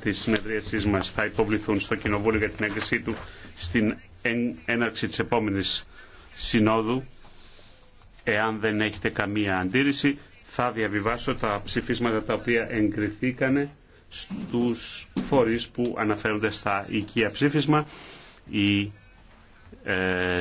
Τη συνεδρίασή μα θα υποβληθούν στο Κοινοβούλιο για την έγκρισή του στην έναρξη τη επόμενη συνόδου. Εάν δεν έχετε καμία αντίρρηση θα διαβιβάσω τα ψηφίσματα τα οποία εγκριθήκανε στους φορείς που αναφέρονται στα οικία ψήφισμα. Η, ε,